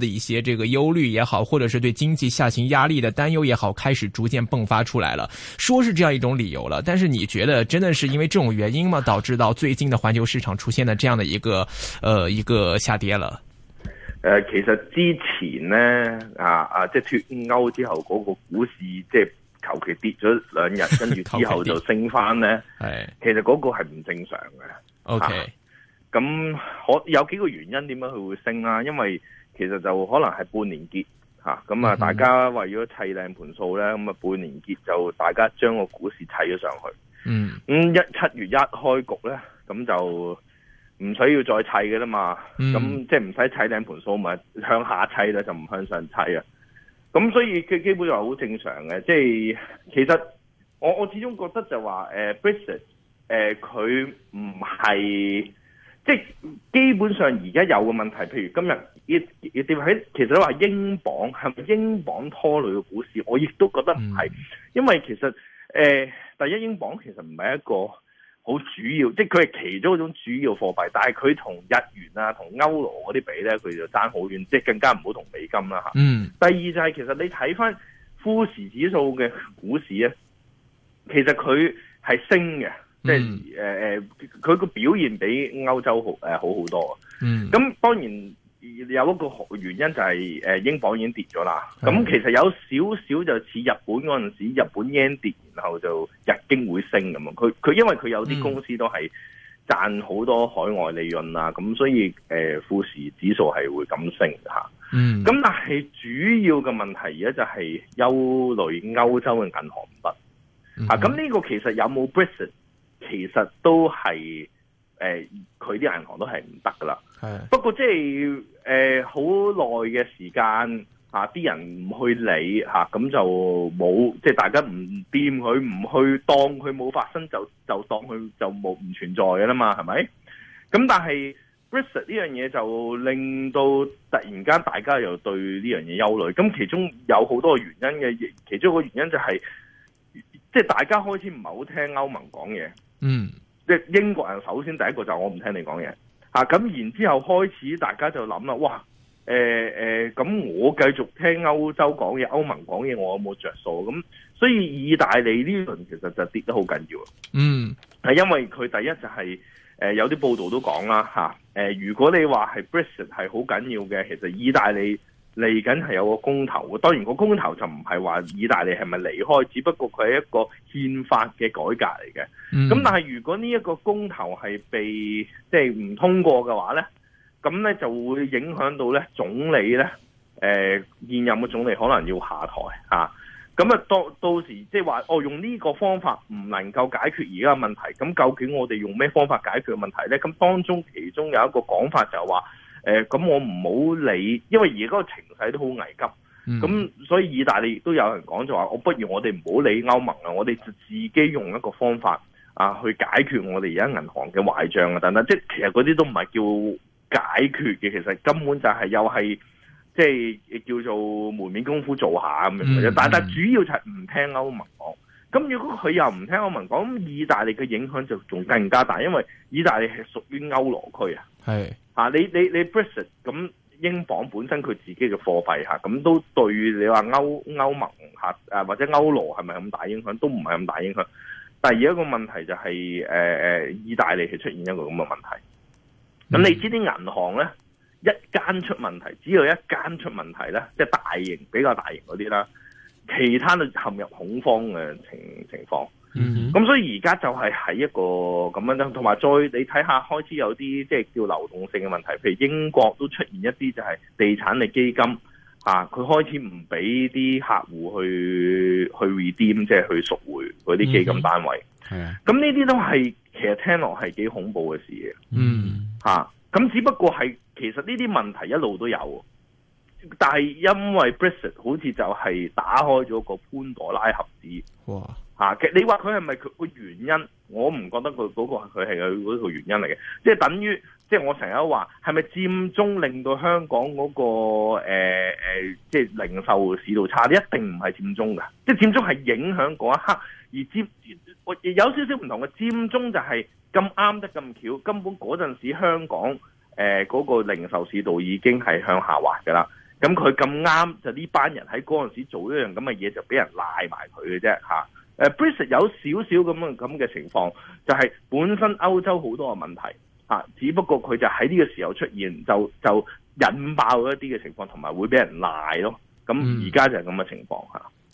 的一些這個憂慮也好，或者是對經濟下行壓力的擔憂也好，開始逐漸迸發出來了，說是這樣一種理由了。但是你覺得真的是因為這種原因嗎？導致到最近的環球市場出現了這樣的一個，呃，一個下跌了。誒、呃，其實之前咧，啊啊，即、就、係、是、脱歐之後嗰個股市，即係求其跌咗兩日，跟住之後就升翻咧。係， 其實嗰個係唔正常嘅。O K，咁可有幾個原因點解佢會升啊，因為其實就可能係半年結吓，咁啊大家為咗砌靚盤數咧，咁啊半年結就大家將個股市砌咗上去。嗯，咁一七月一開局咧，咁就唔使要再砌嘅啦嘛。咁、嗯、即係唔使砌靚盤數，咪、就是、向下砌啦，就唔向上砌啊。咁所以佢基本上好正常嘅。即係其實我我始終覺得就話誒 Brexit 誒，佢唔係。即係基本上而家有個問題，譬如今日亦亦點喺，其實都話英鎊係咪英鎊拖累嘅股市，我亦都覺得唔係，因為其實誒、呃，第一英鎊其實唔係一個好主要，即係佢係其中一種主要貨幣，但係佢同日元啊、同歐羅嗰啲比咧，佢就爭好遠，即係更加唔好同美金啦吓。嗯。第二就係、是、其實你睇翻富時指數嘅股市咧，其實佢係升嘅。即係誒誒，佢個表現比歐洲好誒、呃、好好多。嗯，咁當然有一個原因就係、是、誒、呃、英鎊已經跌咗啦。咁的其實有少少就似日本嗰陣時，日本 yen 跌，然後就日經會升咁啊。佢佢因為佢有啲公司都係賺好多海外利潤啦，咁、嗯、所以誒、呃、富時指數係會咁升吓。嗯，咁但係主要嘅問題而家就係憂慮歐洲嘅銀行唔得、嗯、哼啊。咁呢個其實有冇？其實都係誒，佢啲銀行都係唔得噶啦。係的不過即係誒，好耐嘅時間嚇，啲、啊、人唔去理嚇，咁、啊、就冇即係大家唔掂佢，唔去當佢冇發生，就就當佢就冇唔存在噶啦嘛，係咪？咁但係 Brexit 呢樣嘢就令到突然間大家又對呢樣嘢憂慮。咁其中有好多原因嘅，其中一個原因就係即係大家開始唔係好聽歐盟講嘢。嗯，即係、mm. 英國人，首先第一個就我唔聽你講嘢，吓，咁然之後開始大家就諗啦，哇，誒、呃、誒，咁、呃、我繼續聽歐洲講嘢，歐盟講嘢，我有冇着數？咁所以意大利呢輪其實就跌得好緊要，嗯，係因為佢第一就係、是、誒、呃、有啲報道都講啦，吓、呃，誒如果你話係 Brexit 係好緊要嘅，其實意大利。嚟緊係有個公投嘅，當然個公投就唔係話意大利係咪離開，只不過佢係一個憲法嘅改革嚟嘅。咁、嗯、但係如果呢一個公投係被即係唔通過嘅話呢，咁呢就會影響到呢總理呢。誒、呃、現任嘅總理可能要下台啊。咁啊，到到時即係話哦用呢個方法唔能夠解決而家嘅問題，咁究竟我哋用咩方法解決問題呢？咁當中其中有一個講法就係話。誒，咁、呃、我唔好理，因為而家個情勢都好危急，咁所以意大利都有人講就話，我不如我哋唔好理歐盟啊，我哋自己用一個方法啊，去解決我哋而家銀行嘅壞賬啊等等，即係其實嗰啲都唔係叫解決嘅，其實根本就係又係即係叫做門面功夫做下咁樣，但，但主要就係唔聽歐盟。咁如果佢又唔聽歐盟講，咁意大利嘅影響就仲更加大，因為意大利係屬於歐羅區啊。係啊是，你你你 Brexit 咁，英鎊本身佢自己嘅貨幣吓，咁都對你話歐歐盟吓，誒或者歐羅係咪咁大影響？都唔係咁大影響。第二一個問題就係誒誒，意大利係出現一個咁嘅問題。咁是你知啲銀行咧，一間出問題，只要一間出問題咧，即係大型比較大型嗰啲啦。其他嘅陷入恐慌嘅情情況，咁、嗯、哼所以而家就係喺一個咁樣咧，同埋再你睇下開始有啲即係叫流動性嘅問題，譬如英國都出現一啲就係地產嘅基金啊，佢開始唔俾啲客戶去去 redeem，即係去贖回嗰啲基金單位，係咁呢啲都係其實聽落係幾恐怖嘅事嘅，嗯，吓、啊，咁只不過係其實呢啲問題一路都有。但係因為 Brexit、er, 好似就係打開咗個潘朵拉盒子，哇！吓、啊，其實你話佢係咪佢個原因？我唔覺得佢嗰個佢係佢嗰個原因嚟嘅，即、就、係、是、等於即係我成日話係咪佔中令到香港嗰、那個誒誒，即、呃、係、呃就是、零售市道差？啲，一定唔係佔中噶，即係佔中係影響嗰一刻，而佔佔有少少唔同嘅，佔中就係咁啱得咁巧，根本嗰陣時香港誒嗰、呃那個零售市道已經係向下滑噶啦。咁佢咁啱就呢班人喺嗰陣時做一樣咁嘅嘢，就俾人賴埋佢嘅啫吓。誒，Britain 有少少咁咁嘅情況，就係本身歐洲好多個問題，啊，只不過佢就喺呢個時候出現，就就引爆一啲嘅情況，同埋會俾人賴咯。咁而家就係咁嘅情況，啊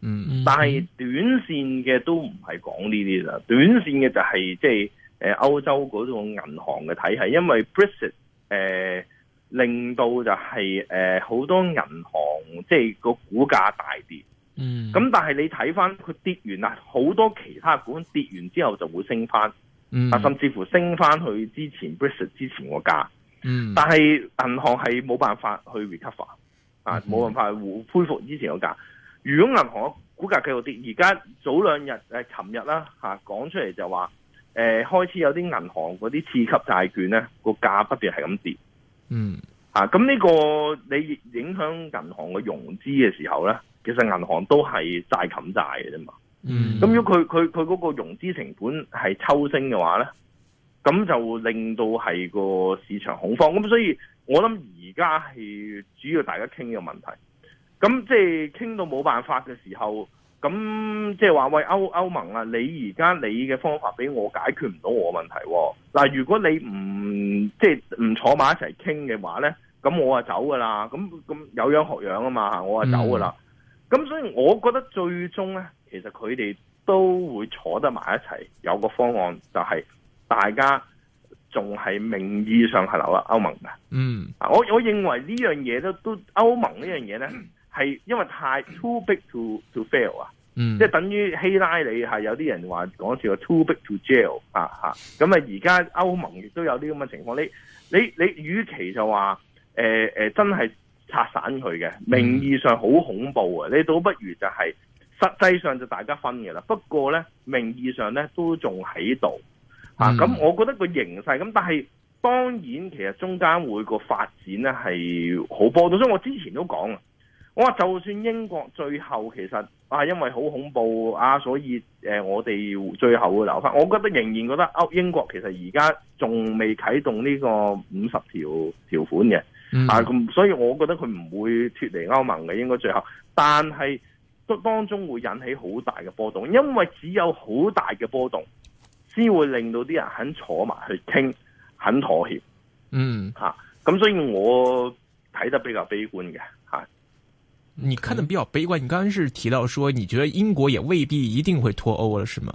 嗯，嗯，但係短線嘅都唔係講呢啲啦，短線嘅就係即係誒歐洲嗰種銀行嘅體系，因為 Brexit 誒、呃、令到就係誒好多銀行即係、就是這個股價大跌，嗯，咁但係你睇翻佢跌完啦，好多其他股價跌完之後就會升翻，嗯、啊，甚至乎升翻去之前 Brexit 之前個價，嗯，但係銀行係冇辦法去 recover、嗯、啊，冇辦法去恢復之前個價。如果銀行嘅股價繼續跌，而家早兩日誒，琴日啦嚇講出嚟就話誒、呃，開始有啲銀行嗰啲次級債券咧個價不斷係咁跌，嗯嚇，咁呢、啊、個你影響銀行嘅融資嘅時候咧，其實銀行都係債冚債嘅啫嘛，嗯，咁如果佢佢佢嗰個融資成本係抽升嘅話咧，咁就令到係個市場恐慌，咁所以我諗而家係主要大家傾呢個問題。咁即係傾到冇辦法嘅時候，咁即係話，喂，歐歐盟啊，你而家你嘅方法俾我解決唔到我問題、啊。嗱，如果你唔即係唔坐埋一齊傾嘅話咧，咁我啊走噶啦。咁咁有樣學樣啊嘛，我啊走噶啦。咁、嗯、所以我覺得最終咧，其實佢哋都會坐得埋一齊，有個方案就係大家仲係名義上係留啊歐盟嘅。嗯，我我認為呢樣嘢都都歐盟呢樣嘢咧。係因為太 too big to to fail 啊、嗯，即係等於希拉里係有啲人話講住個 too big to jail 啊吓，咁啊而家歐盟亦都有啲咁嘅情況，你你你與其就話誒誒真係拆散佢嘅，名義上好恐怖啊，嗯、你倒不如就係、是、實際上就大家分嘅啦。不過咧，名義上咧都仲喺度啊。咁、嗯嗯啊、我覺得個形勢咁，但係當然其實中間會個發展咧係好波動，咁所以我之前都講啊。我話，就算英國最後其實啊，因為好恐怖啊，所以誒、呃，我哋最後會留翻。我覺得仍然覺得歐英國其實而家仲未啟動呢個五十條條款嘅啊，咁所以我覺得佢唔會脱離歐盟嘅，應該最後，但係都當中會引起好大嘅波動，因為只有好大嘅波動先會令到啲人肯坐埋去傾，肯妥協。嗯、啊，吓咁，所以我睇得比較悲觀嘅。你看得比較悲觀，Okay. 你剛剛是提到說你覺得英國也未必一定會脫歐了，是嗎？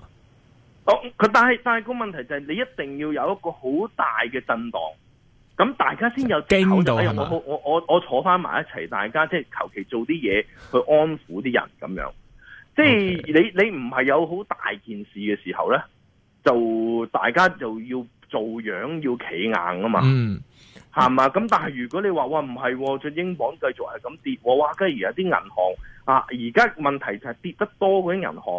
哦、oh,，佢，但係但係個問題就係你一定要有一個好大嘅震盪，咁大家先有機會我我我坐翻埋一齊，大家即係求其做啲嘢，去安撫啲人咁樣。即係 Okay. 你你唔係有好大件事嘅時候呢，就大家就要做樣，要企硬啊嘛。嗯係嘛？咁但係如果你話哇唔係，再、哦、英鎊繼續係咁跌，哇！梗係而有啲銀行啊，而家問題就係跌得多嗰啲銀行，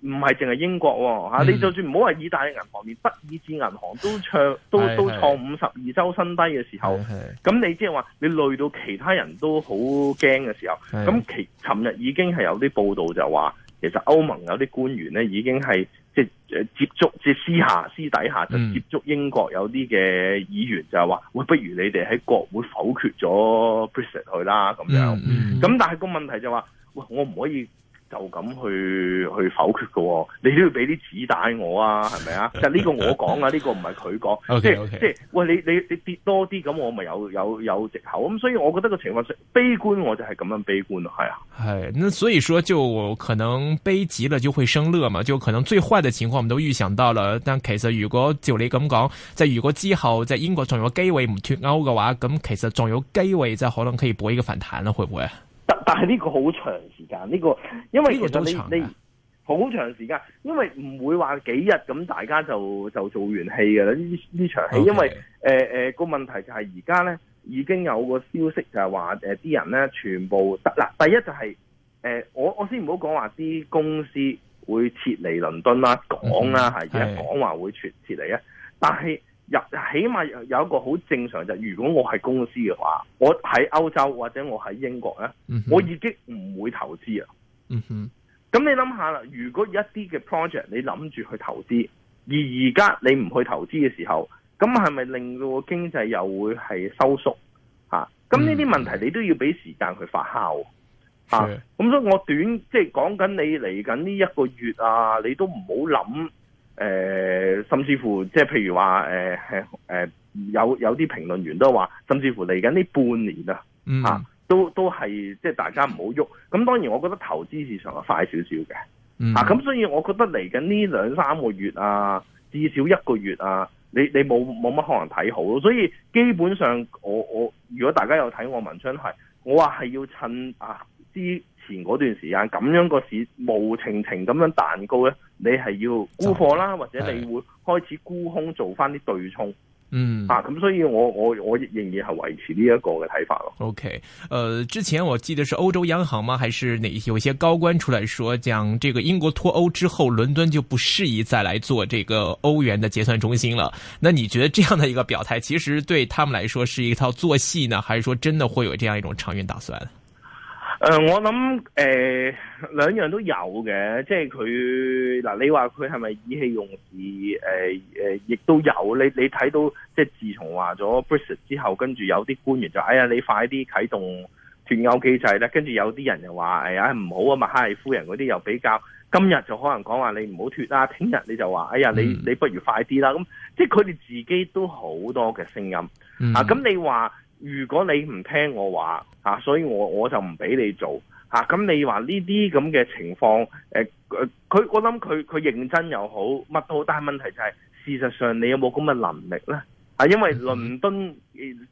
唔係淨係英國吓、哦。嗯、你就算唔好話意大利銀行，連德意志銀行都創都是是都創五十二周新低嘅時候，咁你即係話你累到其他人都好驚嘅時候，咁是其尋日已經係有啲報道就話，其實歐盟有啲官員咧已經係。即係接觸，即係私下、私底下就接觸英國有啲嘅議員就，就係話，喂，不如你哋喺國會否決咗 Brexit 去啦，咁樣。咁、嗯嗯、但係個問題就話、是，喂，我唔可以。就咁去去否決嘅、哦，你都要俾啲子彈我啊，係咪 啊？其實呢個我講啊，呢個唔係佢講，ok, okay. 即係，喂你你你跌多啲咁，我咪有有有借口咁，所以我覺得個情況上悲，悲觀，我就係咁樣悲觀啦，係啊。係，那所以說就可能悲極了就會生樂嘛，就可能最壞的情況我們都預想到了，但其實如果就你咁講，在如果之後在英國仲有機會唔脫歐嘅話，咁其實仲有機會即係可能可以博一個反彈啦、啊，會唔會但係呢個好長時間，呢、這個因為其實你你好長時間，因為唔會話幾日咁大家就就做完戲嘅啦。呢呢場戲，因為誒誒個問題就係而家咧已經有個消息，就係話誒啲人咧全部得啦，第一就係、是、誒、呃、我我先唔好講話啲公司會撤離倫敦啦，講啦係而家講話會撤撤離啊，是的但係。入起碼有一個好正常，就如果我係公司嘅話，我喺歐洲或者我喺英國咧，嗯、哼我已經唔會投資啊。嗯哼，咁你諗下啦，如果一啲嘅 project 你諗住去投資，而而家你唔去投資嘅時候，咁係咪令到經濟又會係收縮？嚇、嗯，咁呢啲問題你都要俾時間去發酵的啊。咁所以我短即係講緊你嚟緊呢一個月啊，你都唔好諗。誒、呃，甚至乎即係譬如話誒，係、呃、誒、呃、有有啲評論員都話，甚至乎嚟緊呢半年、嗯、啊，都都係即係大家唔好喐。咁當然，我覺得投資市場係快少少嘅，咁、嗯啊，所以我覺得嚟緊呢兩三個月啊，至少一個月啊，你你冇冇乜可能睇好咯。所以基本上我，我我如果大家有睇我文章係，我話係要趁啊啲。前嗰段時間咁樣個市無情情咁樣彈高咧，你係要沽貨啦，啊、或者你會開始沽空做翻啲對沖。嗯，啊，咁所以我我我仍然係維持呢一個嘅睇法咯。OK，呃，之前我記得是歐洲央行嗎，還是哪？有些高官出來說，講這個英國脫歐之後，倫敦就不適宜再來做這個歐元的結算中心了。那你覺得這樣的一個表態，其實對他們來說是一套做戲呢，還是說真的會有這樣一種長遠打算？誒、呃，我諗誒、呃、兩樣都有嘅，即係佢嗱，你話佢係咪意氣用事？誒、呃、誒，亦、呃、都有。你你睇到即係自從話咗 Brexit 之後，跟住有啲官員就說，哎呀，你快啲啟動脫歐機制咧。跟住有啲人就話，哎呀唔好啊嘛，哈里夫人嗰啲又比較。今日就可能講話，你唔好脫啦，啊，聽日你就話哎呀，你你不如快啲啦。咁即係佢哋自己都好多嘅聲音、嗯、啊。咁你話？如果你唔聽我話，啊，所以我我就唔俾你做，吓咁你話呢啲咁嘅情況，誒，佢我諗佢佢認真又好，乜都好，但係問題就係事實上你有冇咁嘅能力呢？啊，因為倫敦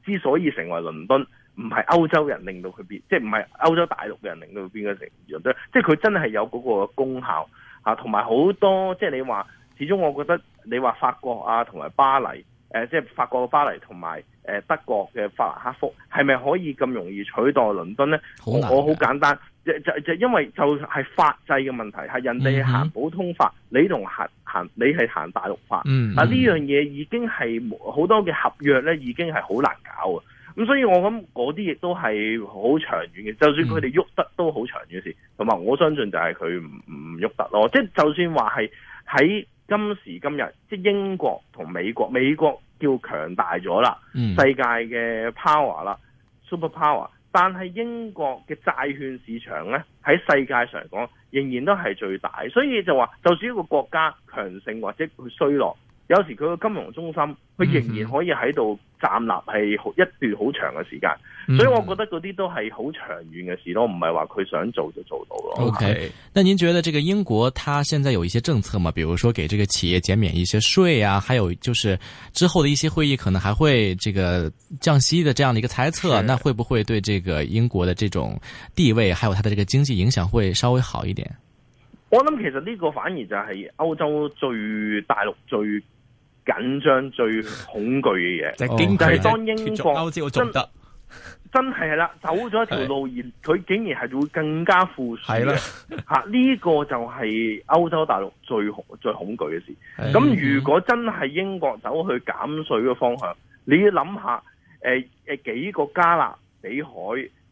之所以成為倫敦，唔係歐洲人令到佢變，即係唔係歐洲大陸嘅人令到佢變咗成倫敦，即係佢真係有嗰個功效，吓，同埋好多，即係你話，始終我覺得你話法國啊，同埋巴黎，誒，即係法國嘅巴黎同埋。誒德國嘅法蘭克福係咪可以咁容易取代倫敦呢？我好簡單，就就，就因為就係法制嘅問題，係人哋行普通法，嗯、哼你同行行你係行大陸法，嗱呢樣嘢已經係好多嘅合約咧已經係好難搞啊！咁所以我諗嗰啲亦都係好長遠嘅，就算佢哋喐得都好長遠嘅事，同埋、嗯、我相信就係佢唔唔喐得咯。即係就算話係喺今時今日，即係英國同美國，美國。要強大咗啦，世界嘅 power 啦，super power，但係英國嘅債券市場咧喺世界上嚟講仍然都係最大，所以就話，就算一個國家強盛或者佢衰落，有時佢個金融中心，佢仍然可以喺度站立係一段好長嘅時間，嗯、所以我覺得嗰啲都係好長遠嘅事咯，唔係話佢想做就做到咯。OK，那您覺得這個英國，它現在有一些政策嘛？比如說給這個企業減免一些稅啊，還有就是之後的一些會議可能還會這個降息的這樣的一個猜測，的那會不會對這個英國的這種地位，還有它的這個經濟影響會稍微好一點？我諗其實呢個反而就係歐洲最大陸最。緊張最恐懼嘅嘢，就係、是、當英國歐洲真係係啦，走咗一條路而佢竟然係會更加富庶嘅吓，呢的個就係歐洲大陸最最恐懼嘅事。咁的如果真係英國走去減稅嘅方向，你要諗下，誒、呃、誒幾個加勒比海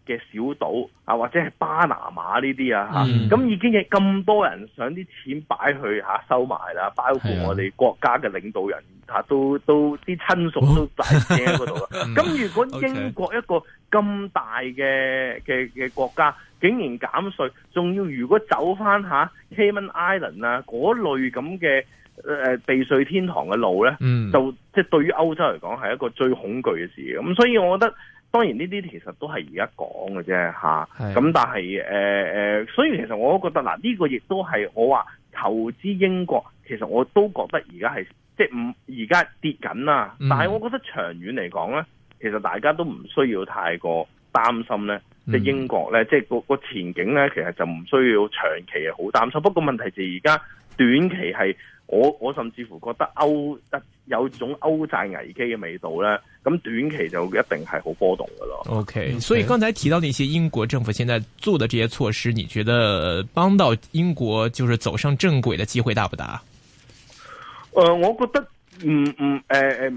嘅小島啊，或者係巴拿馬呢啲啊，咁已經有咁多人想啲錢擺去收埋啦，包括我哋國家嘅領導人的都都啲親屬都大聲喺嗰度。咁、哦、 如果英國一個咁大嘅嘅嘅國家，竟然減稅，仲要如果走翻下 Cayman Island 啊嗰類咁嘅誒避稅天堂嘅路咧、嗯，就即、是、係對於歐洲嚟講係一個最恐懼嘅事。咁所以我覺得。當然呢啲其實都係而家講嘅啫嚇，咁但係誒誒，所以其實我都覺得嗱，呢個亦都係我話投資英國，其實我都覺得而家係即係唔而家跌緊啦，但係我覺得長遠嚟講咧，其實大家都唔需要太過擔心咧、嗯，即係英國咧，即係個個前景咧，其實就唔需要長期好擔心。不過問題就係而家短期係。我我甚至乎覺得歐有種種歐債危機嘅味道咧，咁短期就一定係好波動嘅咯。OK，所以剛才提到呢啲，些英國政府現在做的這些措施，你覺得幫到英國就是走上正軌嘅機會大不大？呃，我覺得唔唔，誒、嗯、誒，唔、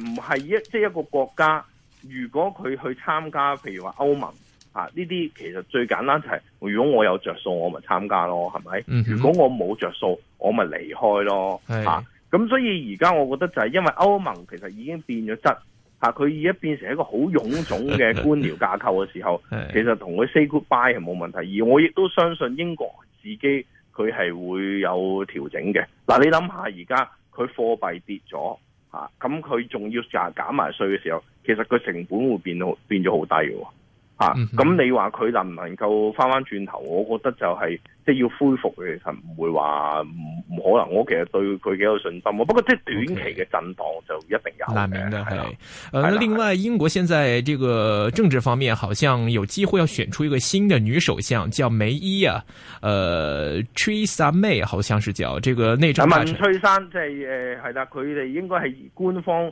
嗯、係、呃、一即係、就是、一個國家，如果佢去參加，譬如話歐盟。啊！呢啲其實最簡單就係、是，如果我有着數，我咪參加咯，係咪？嗯、哼如果我冇着數，我咪離開咯。咁是、啊、所以而家我覺得就係因為歐盟其實已經變咗質，佢而家變成一個好臃腫嘅官僚架構嘅時候， 是其實同佢 say goodbye 係冇問題。而我亦都相信英國自己佢係會有調整嘅。嗱、啊，你諗下而家佢貨幣跌咗，咁佢仲要就減埋稅嘅時候，其實佢成本會變變咗好低嘅喎。嗯、啊，咁你話佢能唔能夠翻翻轉頭？我覺得就係即係要恢復佢，其實唔會話唔可能。我其實對佢幾有信心。不過即係短期嘅震盪就一定有難免嘅。係，誒，另外英國現在這個政治方面，好像有機會要選出一個新嘅女首相，叫梅伊啊，誒 Teresa May，好像是叫這個內政大臣，文翠珊，即係誒，係、呃、啦，佢哋應該係官方，